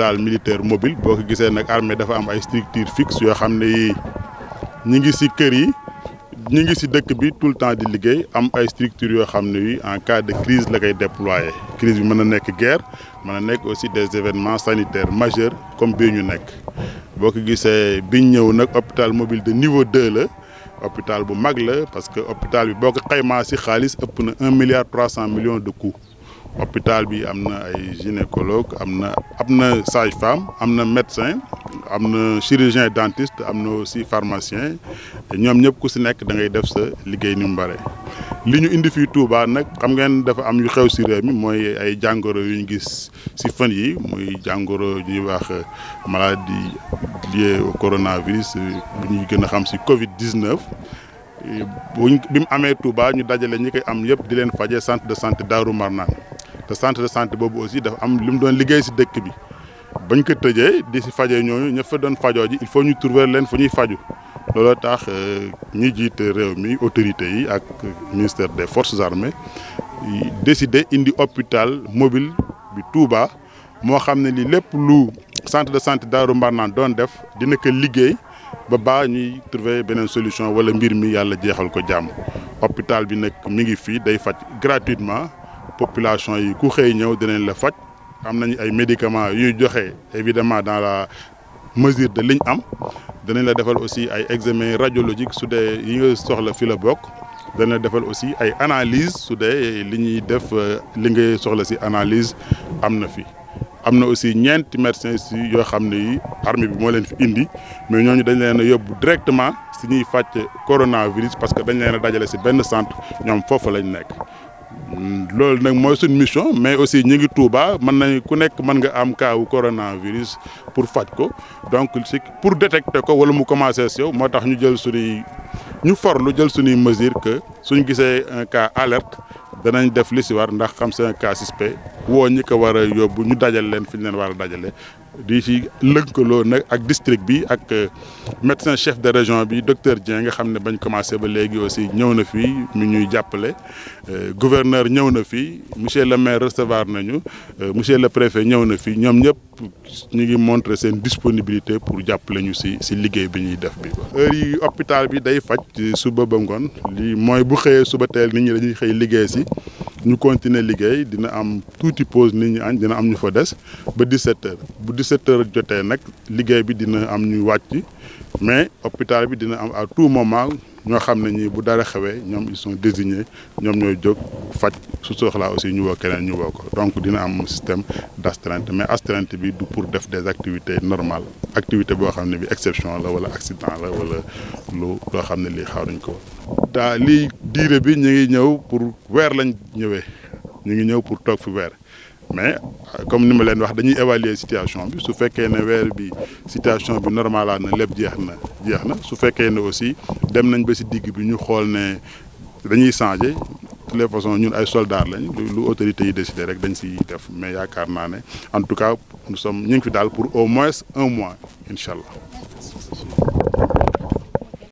hôpital militaire mobile boo ko gisee nag armée dafa am ay structure fixe yoo xam ne yi ñu ngi si kër yi ñu ngi si dëkk bi tout le temps di liggéey am ay structure yoo xam ne yi en cas de crise la koy déployer crise bi mën a nekk guerre mën a nekk aussi des événements sanitaire majeurs comme bii ñu nekk boo ko gisee biñ ñëw nag hôpital mobile de niveau 2 la hôpital bu mag la parce que hôpital bi boo ko xaymaa si xaalis ëpp na un milliard trois cent millions de coût hôpital bi am na ay gynécologue am na am na sage femme am na médecin am na chirurgien dentiste am na aussi pharmacien ñoom ñëpp ku si nekk da ngay def sa liggéey ni mu bare li ñu indi fi Touba nag xam ngeen dafa am yu xew si réew mi mooy ay jàngoro yu ñu gis si fan yi muy jàngoro ñuy wax maladie liée au coronavirus bu ñuy gën a xam si Covid 19. buñ bi mu amee Touba ñu dajale ñi koy am yëpp di leen fajee centre de santé Daaru Marnaan te centre de santé boobu aussi dafa am lu mu doon liggéey si dëkk bi bañ ko tëjee di si fajee ñooñu ña fa doon fajoo ji il faut ñu trouver leen fu ñuy faju looloo tax euh, ñu jiit réew mi autorité yi ak ministère des forces armées décidé indi hôpital mobile bi Touba moo xam ne lii lépp lu centre de santé Daaru Marnaan doon def dina ko liggéey ba baa ñuy trouver beneen solution wala mbir mi yàlla jeexal ko jàmm opital bi nag mi ngi fii day faj gratuitement population yi ku xëy ñëw dinañ la faj am nañ ay médicament yuy joxe évidemment dans la mesure de liñ am danañ la defal aussi ay examen radiologique su dee yi nga soxla fi la bokk dana defal aussi ay analyse su dee li ñuy def li ngay soxla si analyse am na fi am na aussi ñeenti médecins si yoo xam ne yi armée bi moo leen fi indi mais ñooñu dañ leen a yóbbu directement si ñuy fàcce coronavirus parce que dañ leen a dajale si benn centre ñoom foofu lañ nekk. loolu nag mooy suñ mission mais aussi ñu ngi Touba mën nañ ku nekk mën nga am kaawu coronavirus pour faj ko donc si pour détecter ko wala mu commencé si yow moo tax ñu jël suñuy. ñu farlu jël suñuy mesure que suñ gisee un cas alerte danañ def li si war ndax xam c'est un cas suspect woo ñi ko war a yóbbu ñu dajal leen fi ñu leen war a dajale di ci lëkkaloo nag ak district bi ak euh, médecin chef de région bi docteur Dieng nga xam ne bañ commencé ba léegi aussi ñëw na fii mu ñuy jàppale euh, gouverneur ñëw na fii monsieur le maire recevoir nañu euh, monsieur le préfet ñëw na fii ñoom ñëpp ñu ngi montrer seen disponibilité pour jàppale ñu ci ci liggéey bi ñuy def bi. heure yi hôpital bi day faj suba ba ngoon lii mooy bu xëyee suba teel nit ñi lañuy xëy liggéey si ñu continuer liggéey dina am tuuti pause nit ñi añ dina am ñu fa des ba di heures bu di heures jotee nag liggéey bi dina am ñu wàcc mais hôpital bi dina am à tout moment ñoo xam ne ñii bu dara xewee ñoom ils sont désignés ñoom ñooy jóg faj su soxlaa aussi ñu woo keneen ñu woo ko donc dina am système d' astreinte mais astreinte bi du pour def des activités normales activité boo xam ne bi exception la wala accident la wala lu loo xam ne lii xaaruñ ko daa lii diire bi ñu ngi ñëw pour weer lañ ñëwee ñu ngi ñëw pour toog fi weer mais euh, comme ni ma leen wax dañuy évaluer situation bi su fekkee ne weer bi situation bi normalaat na lépp jeex na jeex na su fekkee ne aussi dem nañ ba si digg bi ñu xool ne dañuy changer de les façons ñun ay soldats lañ lu autorités yi décidé rek dañ siy def mais yaakaar naa ne en tout cas nous sommes ñu ngi fi daal pour au moins un mois incha allah.